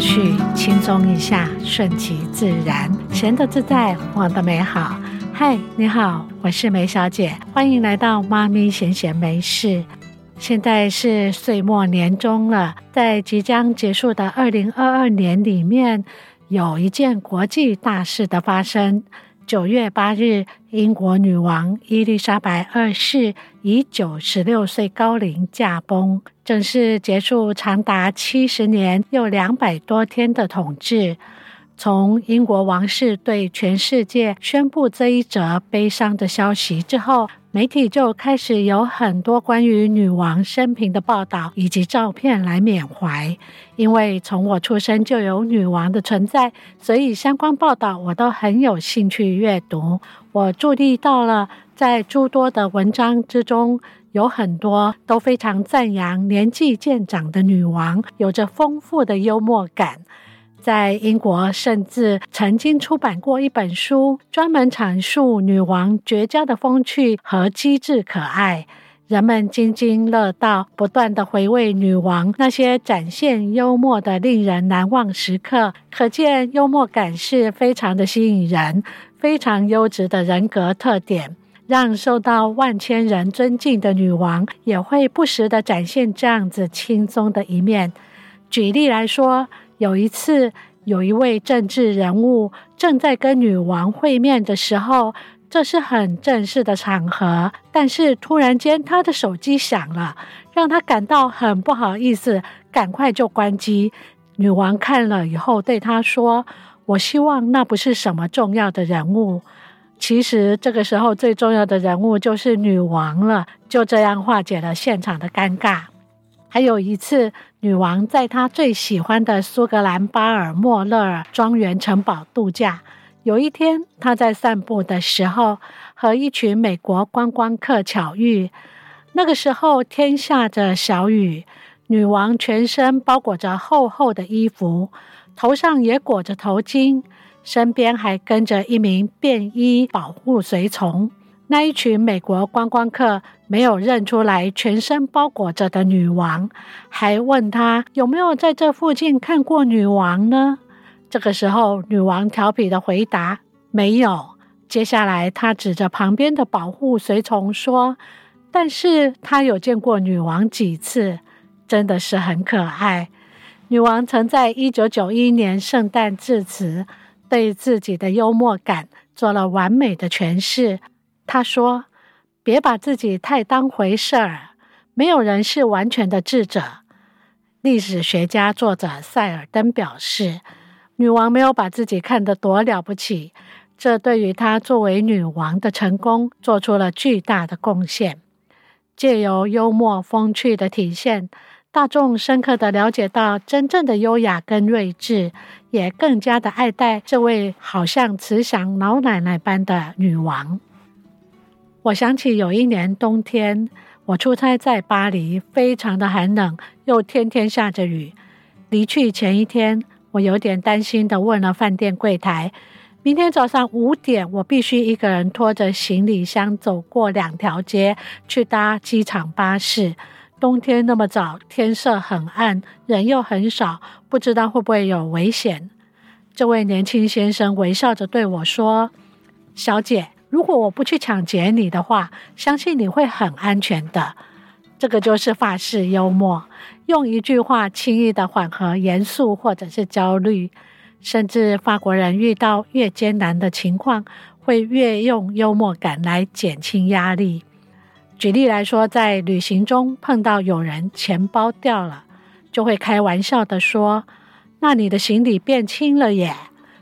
去輕鬆一下，順其自然，閒的自在，活的美好。嗨，你好，我是梅小姐，歡迎來到媽咪閒閒梅事。現在是歲末年終了，在即將結束的二零二二年裡面，有一件國際大事的發生。九月八日，英國女王伊麗莎白二世以九十六歲高齡駕崩，正式結束長達七十年又兩百多天的統治。從英國王室對全世界宣布這一則悲傷的消息之後，媒體就開始有很多關於女王生平的報道以及照片來緬懷，因為從我出生就有女王的存在，所以相關報道我都很有興趣閱讀。我注意到了，在諸多的文章之中，有很多都非常讚揚年紀漸長的女王，有着豐富的幽默感。在英國，甚至曾經出版過一本書，專門闡述女王絕佳的風趣和機智可愛，人們津津樂道，不斷地回味女王那些展現幽默的令人難忘時刻。可見，幽默感是非常的吸引人，非常優質的人格特點，讓受到萬千人尊敬的女王也會不時地展現這樣子輕鬆的一面。舉例來說。有一次，有一位政治人物正在跟女王會面的時候，這是很正式的場合。但是突然間，他的手機響了，讓他感到很不好意思，趕快就關機。女王看了以後對他說：“我希望那不是什麼重要的人物。”其實這個時候最重要的人物就是女王了，就這樣化解了現場的尷尬。還有一次，女王在她最喜歡的蘇格蘭巴爾莫勒爾莊園城堡度假。有一天，她在散步的時候和一群美國觀光客巧遇。那個時候天下着小雨，女王全身包裹着厚厚的衣服，頭上也裹着頭巾，身邊還跟着一名便衣保護隨從。那一群美國觀光客沒有認出來全身包裹着的女王，還問她有沒有在這附近看過女王呢？這個時候，女王調皮的回答：“沒有。”接下來，她指着旁邊的保護隨從說：“但是她有見過女王幾次，真的是很可愛。”女王曾在一九九一年聖誕致辭，對自己的幽默感做了完美的詮釋。他說：“別把自己太當回事兒，沒有人是完全的智者。”歷史學家、作者塞爾登表示：“女王沒有把自己看得多了不起，這對於她作為女王的成功做出了巨大的貢獻。借由幽默風趣的體現，大眾深刻地了解到真正的優雅跟睿智，也更加的愛戴這位好像慈祥老奶奶般的女王。”我想起有一年冬天，我出差在巴黎，非常的寒冷，又天天下着雨。離去前一天，我有點擔心的問了飯店櫃檯：“明天早上五點，我必須一個人拖着行李箱走過兩條街，去搭機場巴士。冬天那麼早，天色很暗，人又很少，不知道會不會有危險？”這位年輕先生微笑着對我說：“小姐。”如果我不去搶劫你的話，相信你會很安全的。這個就是法式幽默，用一句話輕易地緩和嚴肅或者是焦慮。甚至法國人遇到越艱難的情況，會越用幽默感來減輕壓力。舉例來說，在旅行中碰到有人錢包掉了，就會開玩笑地說：“那你的行李變輕了耶！”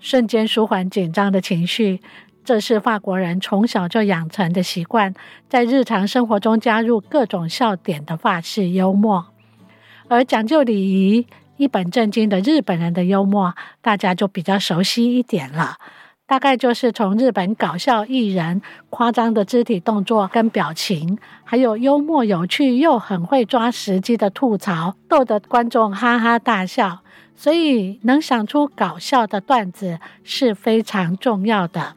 瞬間舒緩緊張的情緒。這是法國人從小就養成的習慣，在日常生活中加入各種笑點的法式幽默，而講究禮儀、一本正經的日本人的幽默，大家就比較熟悉一點了。大概就是從日本搞笑藝人誇張的肢體動作跟表情，還有幽默有趣又很會抓時機的吐槽，逗得觀眾哈哈大笑。所以能想出搞笑的段子是非常重要的。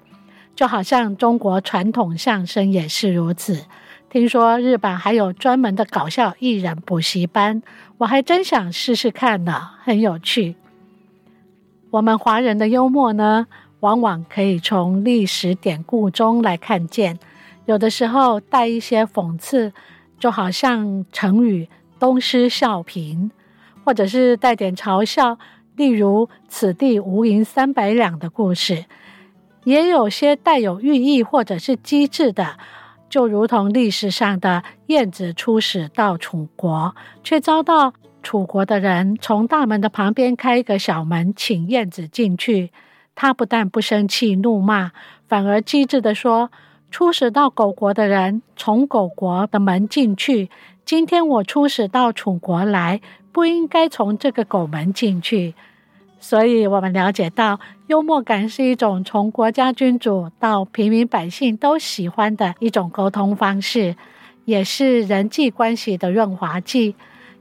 就好像中國傳統相聲也是如此。聽說日本還有專門的搞笑藝人補習班，我還真想試試看呢，很有趣。我們華人的幽默呢，往往可以從歷史典故中來看見，有的時候帶一些諷刺，就好像成語“東施效顰”，或者是帶點嘲笑，例如“此地無銀三百兩”的故事。也有些帶有寓意或者是機智的，就如同歷史上的晏子出使到楚國，卻遭到楚國的人從大門的旁邊開一個小門請晏子進去。他不但不生氣怒罵，反而機智地說：“出使到狗國的人從狗國的門進去，今天我出使到楚國來，不應該從這個狗門進去。”所以，我們了解到，幽默感是一種從國家君主到平民百姓都喜歡的一種溝通方式，也是人際關係的潤滑劑。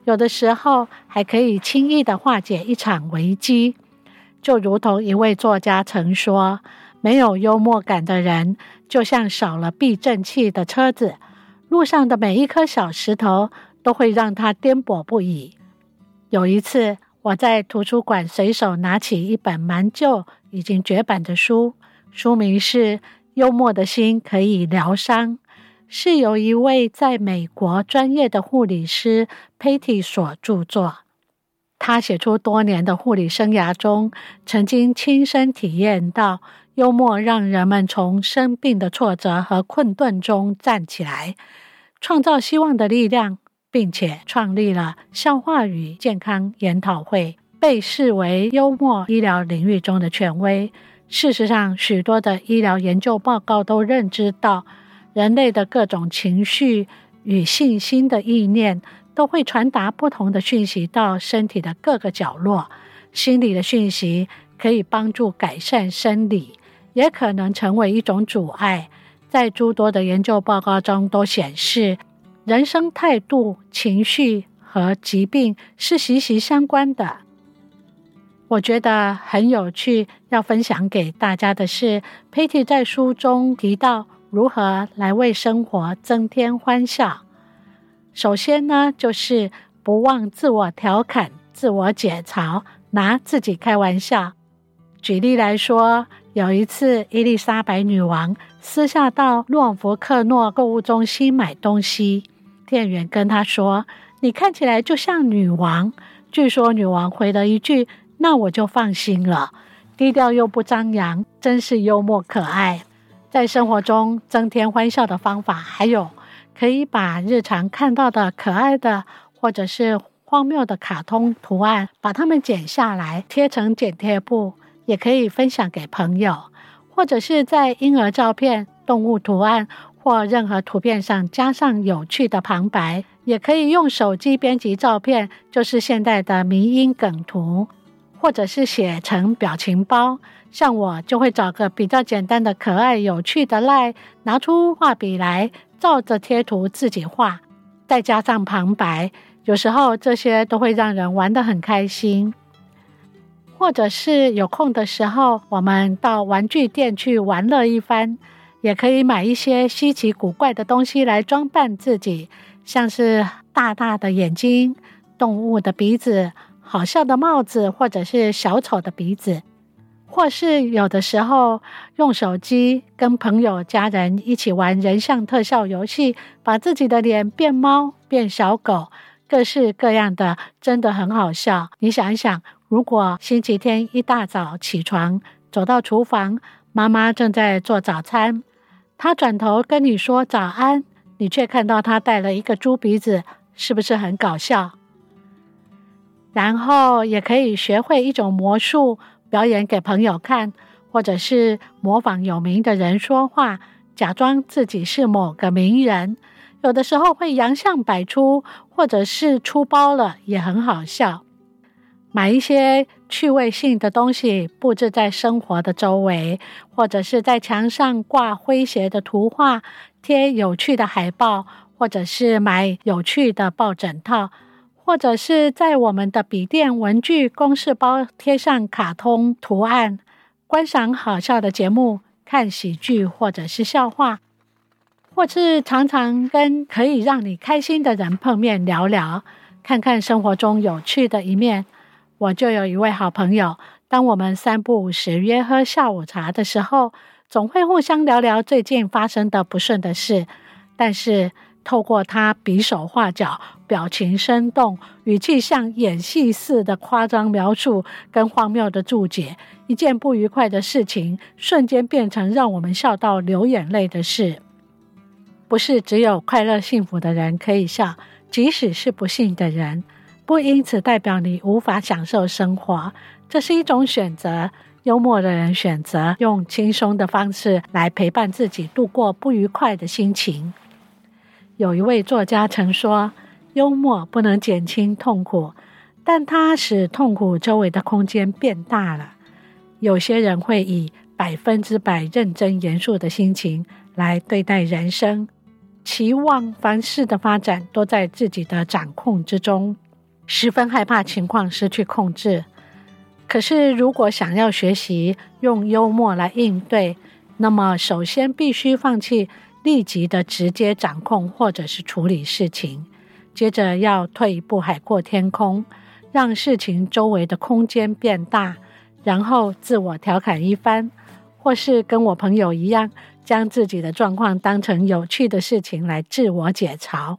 有的時候，還可以輕易的化解一場危機。就如同一位作家曾說：“沒有幽默感的人，就像少了避震器的車子，路上的每一顆小石頭都會讓他顛簸不已。”有一次，我在圖書館隨手拿起一本蠻舊，已經絕版的書，書名是《幽默的心可以療傷》，是由一位在美國專業的護理師 Patty 所著作。他寫出多年的護理生涯中，曾經親身體驗到幽默讓人們從生病的挫折和困頓中站起來，創造希望的力量。並且創立了消化與健康研討會，被視為幽默醫療領域中的權威。事實上，許多的醫療研究報告都認知到，人類的各種情緒與信心的意念都會傳達不同的訊息到身體的各個角落。心理的訊息可以幫助改善生理，也可能成為一種阻礙。在諸多的研究報告中都顯示。人生態度、情緒和疾病是息息相關的。我覺得很有趣，要分享給大家的是，Patty 在書中提到如何來為生活增添歡笑。首先呢，就是不忘自我調侃、自我解嘲，拿自己開玩笑。舉例來說，有一次伊麗莎白女王私下到諾福克諾購物中心買東西。店員跟他說：“你看起來就像女王。”據說女王回了一句：“那我就放心了。”低調又不張揚，真是幽默可愛。在生活中增添歡笑的方法還有，可以把日常看到的可愛的或者是荒謬的卡通圖案，把它們剪下來貼成剪貼布，也可以分享給朋友，或者是在嬰兒照片、動物圖案。或任何圖片上加上有趣的旁白，也可以用手機編輯照片，就是現代的迷因梗圖，或者是寫成表情包。像我就會找個比較簡單的可愛有趣的 LINE，拿出畫筆來照着貼圖自己畫，再加上旁白。有時候這些都會讓人玩得很開心。或者是有空的時候，我們到玩具店去玩樂一番。也可以買一些稀奇古怪的東西來裝扮自己，像是大大的眼睛、動物的鼻子、好笑的帽子，或者是小丑的鼻子，或是有的時候用手機跟朋友、家人一起玩人像特效遊戲，把自己的臉變貓、變小狗，各式各樣的，真的很好笑。你想一想，如果星期天一大早起床，走到廚房，媽媽正在做早餐。他轉頭跟你說早安，你卻看到他戴了一個豬鼻子，是不是很搞笑？然後也可以學會一種魔術表演給朋友看，或者是模仿有名的人說話，假裝自己是某個名人。有的時候會洋相百出，或者是出包了，也很好笑。買一些趣味性的東西布置在生活的周圍，或者是在牆上掛詼諧的圖畫、貼有趣的海報，或者是買有趣的抱枕套，或者是在我們的筆電、文具、公事包貼上卡通圖案，觀賞好笑的節目，看喜劇或者是笑話，或是常常跟可以讓你開心的人碰面聊聊，看看生活中有趣的一面。我就有一位好朋友，當我們三不五時約喝下午茶的時候，總會互相聊聊最近發生的不順的事。但是透過他比手畫腳、表情生動、語氣像演戲似的誇張描述，跟荒謬的注解，一件不愉快的事情瞬間變成讓我們笑到流眼淚的事。不是只有快樂幸福的人可以笑，即使是不幸的人。不因此代表你無法享受生活，這是一種選擇。幽默的人選擇用輕鬆的方式來陪伴自己度過不愉快的心情。有一位作家曾說：“幽默不能減輕痛苦，但它使痛苦周圍的空間變大了。”有些人會以百分之百認真嚴肅的心情來對待人生，期望凡事的發展都在自己的掌控之中。十分害怕情況失去控制。可是，如果想要學習用幽默來應對，那麼首先必須放棄立即的直接掌控或者是處理事情，接着要退一步，海闊天空，讓事情周圍的空間變大，然後自我調侃一番，或是跟我朋友一樣，將自己的狀況當成有趣的事情來自我解嘲。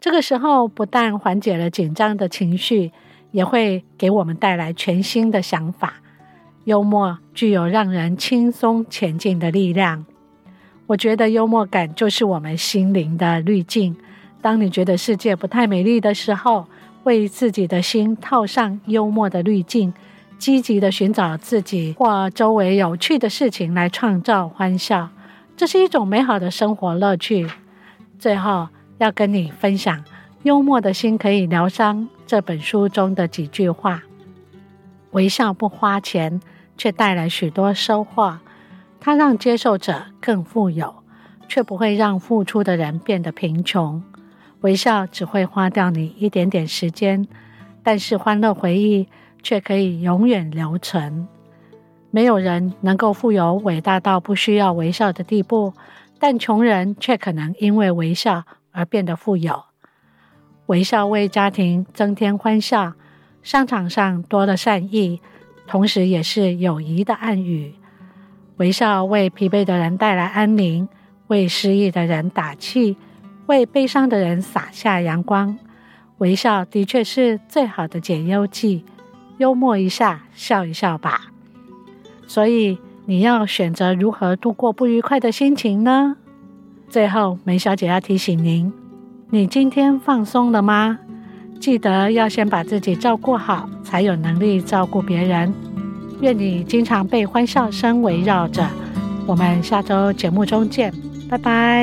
這個時候，不但緩解了緊張的情緒，也會給我們帶來全新的想法。幽默具有讓人輕鬆前進的力量。我覺得幽默感就是我們心靈的濾鏡。當你覺得世界不太美麗的時候，為自己的心套上幽默的濾鏡，積極地尋找自己或周圍有趣的事情來創造歡笑，這是一種美好的生活樂趣。最後，要跟你分享《幽默的心可以療傷》這本書中的幾句話：微笑不花錢，卻帶來許多收穫。它讓接受者更富有，卻不會讓付出的人變得貧窮。微笑只會花掉你一點點時間，但是歡樂回憶卻可以永遠留存。沒有人能夠富有偉大到不需要微笑的地步，但窮人卻可能因為微笑。而變得富有，微笑為家庭增添歡笑，商場上多了善意，同時也是友誼的暗語。微笑為疲憊的人帶來安寧，為失意的人打氣，為悲傷的人灑下陽光。微笑的確是最好的解憂劑，幽默一下，笑一笑吧。所以，你要選擇如何度過不愉快的心情呢？最後，梅小姐要提醒您，你今天放鬆了嗎？記得要先把自己照顧好，才有能力照顧別人。願你經常被歡笑聲圍繞着。我們下周節目中見，拜拜。